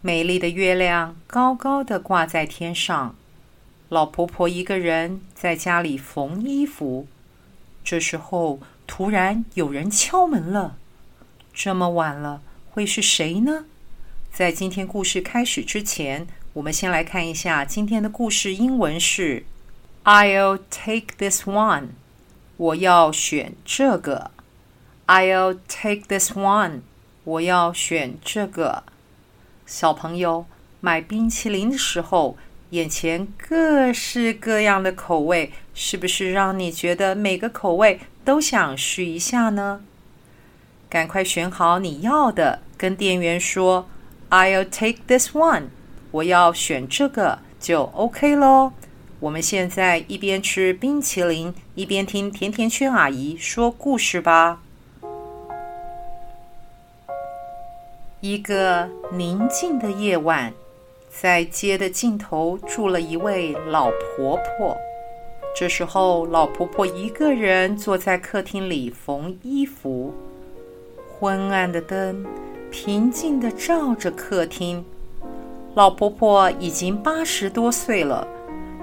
美麗的月亮高高地掛在天上，老婆婆一個人在家裡縫衣服。這時候，突然有人敲門了。這麼晚了，會是誰呢？在今天故事開始之前，我們先來看一下今天的故事英文是 "I'll take this one"，我要選這個。"I'll take this one"，我要選這個。小朋友買冰淇淋的時候，眼前各式各樣的口味，是不是讓你覺得每個口味都想試一下呢？趕快選好你要的，跟店員說 "I'll take this one"，我要選這個就 OK 咯。我們現在一邊吃冰淇淋，一邊聽甜甜圈阿姨說故事吧。一個寧靜的夜晚，在街的盡頭住了一位老婆婆。這時候，老婆婆一個人坐在客廳裡縫衣服。昏暗的燈平靜的照着客廳。老婆婆已經八十多歲了，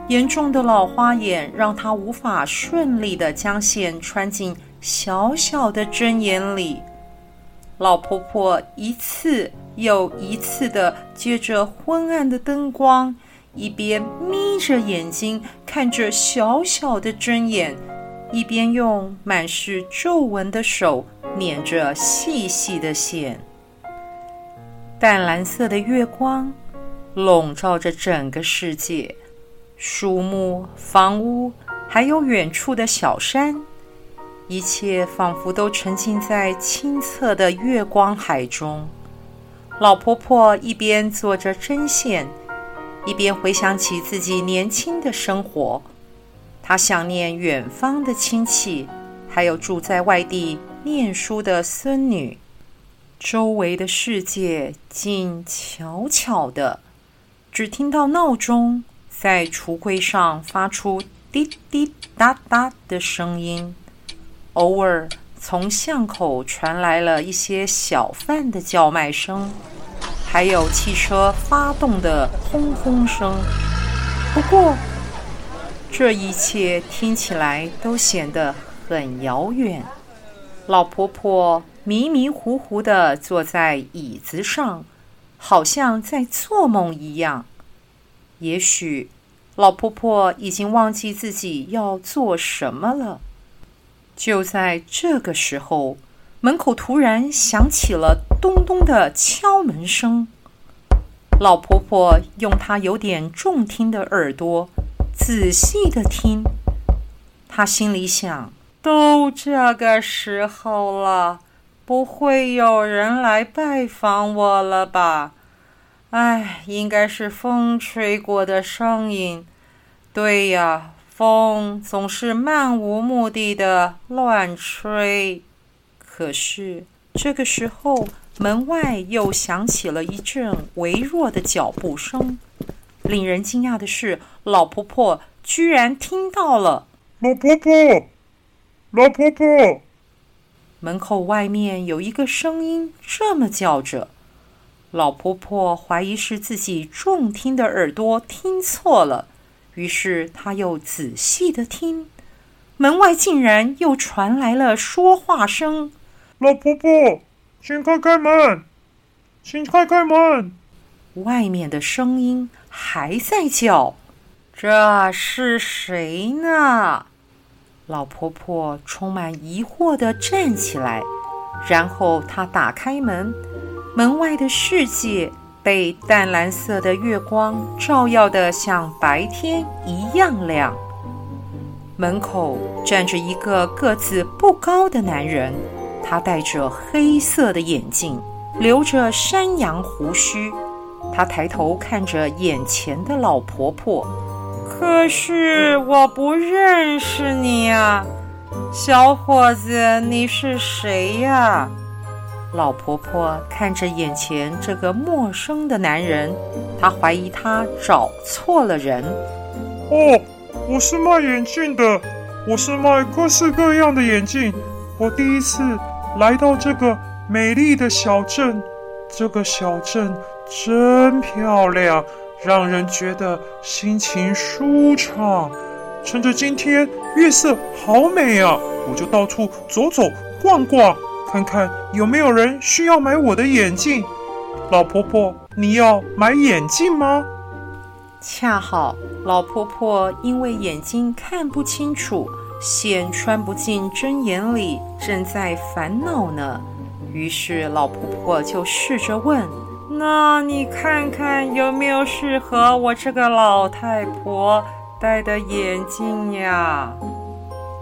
嚴重的老花眼讓她無法順利的將線穿進小小的針眼裡。老婆婆一次又一次地借着昏暗的燈光，一邊眯着眼睛看着小小的針眼，一邊用滿是皺紋的手捻着細細的線。淡藍色的月光籠罩着整個世界，樹木、房屋，還有遠處的小山。一切仿佛都沉浸在清澈的月光海中。老婆婆一邊做着針線，一邊回想起自己年輕的生活。她想念遠方的親戚，還有住在外地念書的孫女。周圍的世界靜悄悄的，只聽到鬧鐘在櫥櫃上發出滴滴答答的聲音。偶爾，從巷口傳來了一些小販的叫賣聲，還有汽車發動的轟轟聲。不過，這一切聽起來都顯得很遙遠。老婆婆迷迷糊糊的坐在椅子上，好像在做夢一樣。也許，老婆婆已經忘記自己要做什麼了。就在這個時候，門口突然響起了咚咚的敲門聲。老婆婆用她有點重聽的耳朵仔細地聽，她心裡想：都這個時候了，不會有人來拜訪我了吧？哎，應該是風吹過的聲音。對呀。風總是漫無目的地亂吹，可是這個時候，門外又響起了一陣微弱的腳步聲。令人驚訝的是，老婆婆居然聽到了。老婆婆，老婆婆，門口外面有一個聲音這麼叫着。老婆婆懷疑是自己重聽的耳朵聽錯了。於是，他又仔細地聽，門外竟然又傳來了說話聲：“老婆婆，請開開門，請開開門！”外面的聲音還在叫，這是誰呢？老婆婆充滿疑惑地站起來，然後她打開門，門外的世界。被淡藍色的月光照耀得像白天一樣亮。門口站着一個個子不高的男人，他戴着黑色的眼鏡，留着山羊鬍鬚。他抬頭看着眼前的老婆婆，可是我不認識你啊，小夥子，你是誰呀？老婆婆看着眼前這個陌生的男人，她懷疑他找錯了人。哦，我是賣眼鏡的，我是賣各式各樣的眼鏡。我第一次來到這個美麗的小鎮，這個小鎮真漂亮，讓人覺得心情舒暢。趁着今天月色好美啊，我就到處走走逛逛。看看有沒有人需要買我的眼鏡。老婆婆，你要買眼鏡嗎？恰好老婆婆因為眼睛看不清楚，線穿不進針眼裡，正在煩惱呢。於是老婆婆就試着問：“那你看看有沒有適合我這個老太婆戴的眼鏡呀？”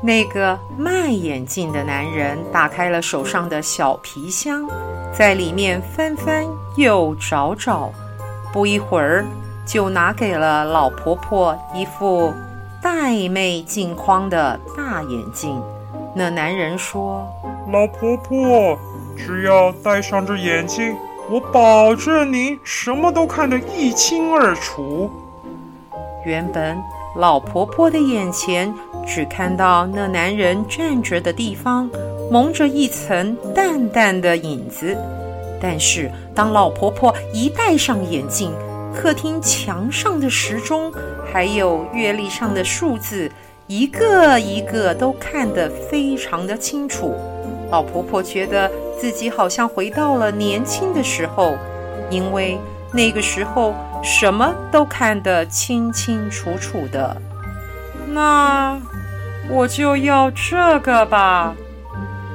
那個賣眼鏡的男人打開了手上的小皮箱，在裡面翻翻又找找，不一會兒就拿給了老婆婆一副玳瑁鏡框的大眼鏡。那男人說：“老婆婆，只要戴上這眼鏡，我保證你什麼都看得一清二楚。”原本老婆婆的眼前，只看到那男人站着的地方蒙着一層淡淡的影子，但是當老婆婆一戴上眼鏡，客廳牆上的時鐘還有月曆上的數字，一個一個都看得非常的清楚。老婆婆覺得自己好像回到了年輕的時候，因為那個時候什麼都看得清清楚楚的。那。我就要這個吧。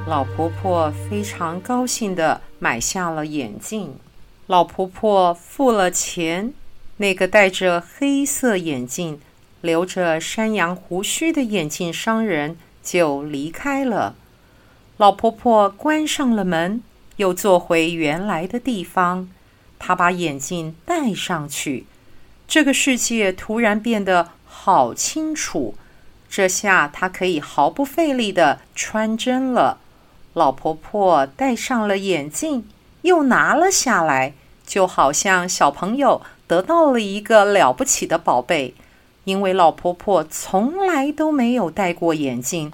老婆婆非常高興地買下了眼鏡。老婆婆付了錢，那個戴着黑色眼鏡、留着山羊胡鬚的眼鏡商人就離開了。老婆婆關上了門，又坐回原來的地方。她把眼鏡戴上去，這個世界突然變得好清楚。這下她可以毫不費力的穿針了。老婆婆戴上了眼鏡，又拿了下來，就好像小朋友得到了一個了不起的寶貝。因為老婆婆從來都沒有戴過眼鏡，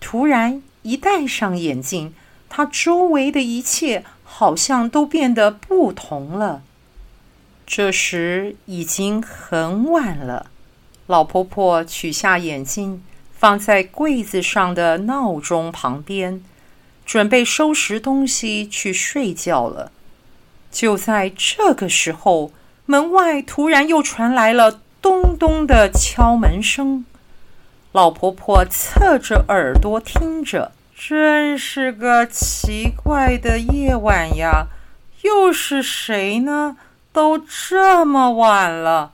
突然一戴上眼鏡，她周圍的一切好像都變得不同了。這時已經很晚了。老婆婆取下眼鏡，放在櫃子上的鬧鐘旁邊，準備收拾東西去睡覺了。就在這個時候，門外突然又傳來了咚咚的敲門聲。老婆婆側着耳朵聽着，真是個奇怪的夜晚呀，又是誰呢？都這麼晚了。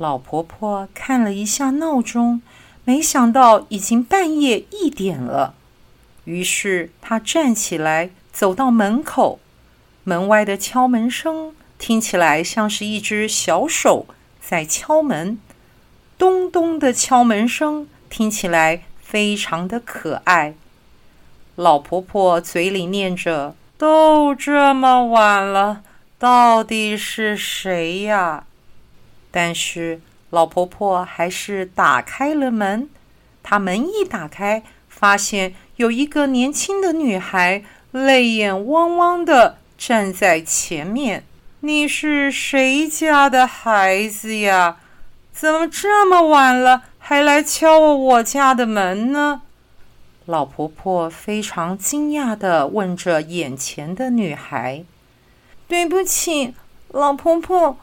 老婆婆看了一下鬧鐘，沒想到已經半夜一點了。於是她站起來，走到門口。門外的敲門聲聽起來像是一隻小手在敲門，咚咚的敲門聲聽起來非常的可愛。老婆婆嘴裡念着：“都這麼晚了，到底是誰呀？”但是老婆婆還是打開了門。她門一打開，發現有一個年輕的女孩淚眼汪汪的站在前面。“你是誰家的孩子呀？怎麼這麼晚了還來敲我我家的門呢？”老婆婆非常驚訝地問着眼前的女孩。“對不起，老婆婆，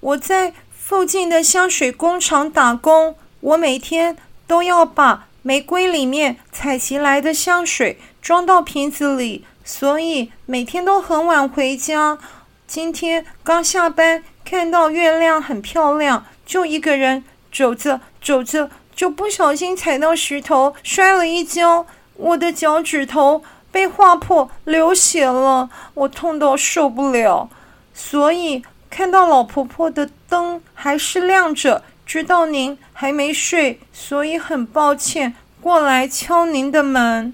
我在。”附近的香水工廠打工，我每天都要把玫瑰裡面採集來的香水裝到瓶子裡，所以每天都很晚回家。今天剛下班，看到月亮很漂亮，就一個人走着走着，走着，就不小心踩到石頭，摔了一跤，我的腳趾頭被劃破，流血了，我痛到受不了，所以。看到老婆婆的燈還是亮着，知道您還沒睡，所以很抱歉過來敲您的門。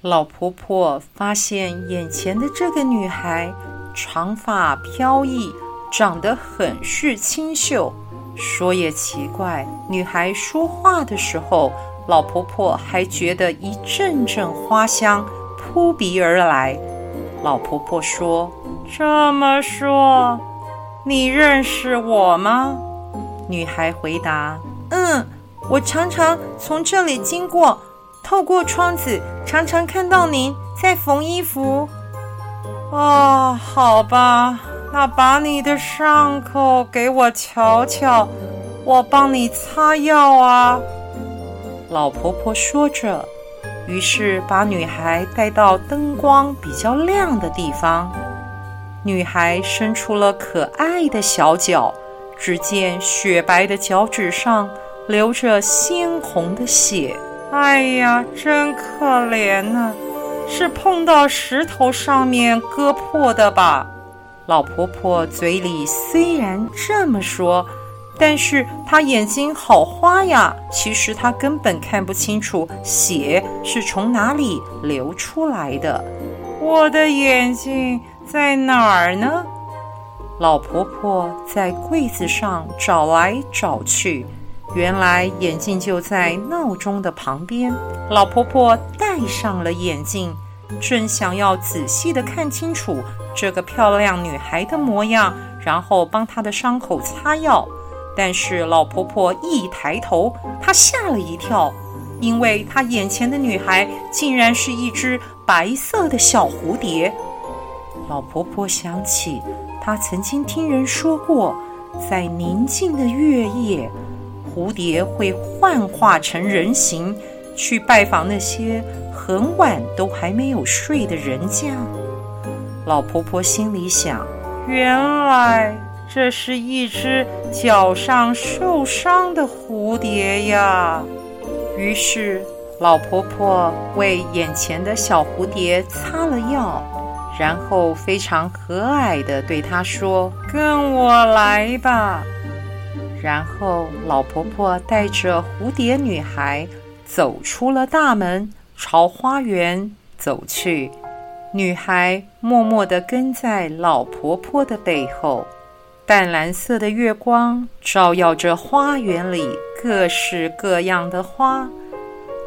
老婆婆發現眼前的這個女孩，長髮飄逸，長得很是清秀。說也奇怪，女孩說話的時候，老婆婆還覺得一陣陣花香撲鼻而來。老婆婆說：“這麼說。”你認識我嗎？女孩回答：“嗯，我常常從這裡經過，透過窗子常常看到您在縫衣服。”啊、哦，好吧，那把你的傷口給我瞧瞧，我幫你擦藥啊。”老婆婆說着，於是把女孩帶到燈光比較亮的地方。女孩伸出了可愛的小腳，只見雪白的腳趾上流着鮮紅的血。哎呀，真可憐吶、啊！是碰到石頭上面割破的吧？老婆婆嘴裡雖然這麼說，但是她眼睛好花呀，其實她根本看不清楚血是從哪裡流出來的。我的眼睛，在哪兒呢？老婆婆在櫃子上找來找去，原來眼鏡就在鬧鐘的旁邊。老婆婆戴上了眼鏡，正想要仔細地看清楚這個漂亮女孩的模樣，然後幫她的傷口擦藥。但是老婆婆一抬頭，她嚇了一跳，因為她眼前的女孩竟然是一隻白色的小蝴蝶。老婆婆想起，她曾經聽人說過，在寧靜的月夜，蝴蝶會幻化成人形，去拜訪那些很晚都還沒有睡的人家。老婆婆心裡想：原來這是一隻腳上受傷的蝴蝶呀。於是，老婆婆為眼前的小蝴蝶擦了藥。然後非常和藹地對她說：“跟我來吧。”然後，老婆婆帶着蝴蝶女孩走出了大門，朝花園走去。女孩默默地跟在老婆婆的背後。淡藍色的月光照耀着花園裡各式各樣的花。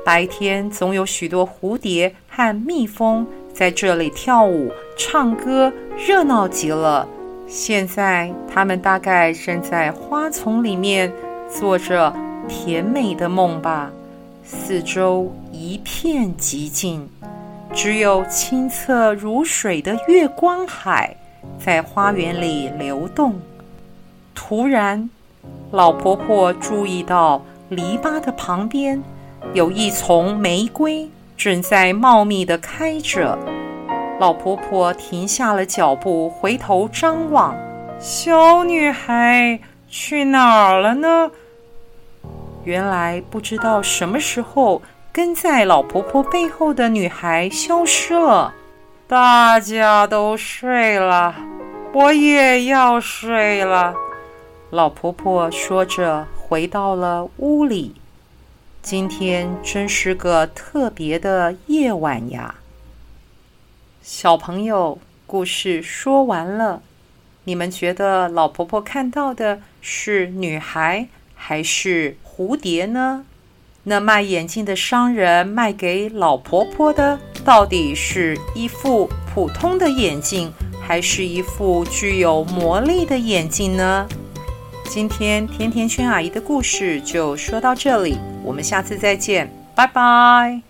白天總有許多蝴蝶和蜜蜂。在這裡跳舞、唱歌，熱鬧極了。現在他們大概正在花叢裡面做着甜美的夢吧。四周一片寂靜，只有清澈如水的月光海在花園裡流動。突然，老婆婆注意到籬笆的旁邊有一叢玫瑰。正在茂密的開着，老婆婆停下了腳步，回頭張望，小女孩去哪兒了呢？原來不知道什麼時候跟在老婆婆背後的女孩消失了。大家都睡了，我也要睡了。老婆婆說着回到了屋裡。今天真是個特別的夜晚呀，小朋友，故事說完了，你們覺得老婆婆看到的是女孩還是蝴蝶呢？那賣眼鏡的商人賣給老婆婆的，到底是一副普通的眼鏡，還是一副具有魔力的眼鏡呢？今天甜甜圈阿姨的故事就說到這裡，我們下次再見，拜拜。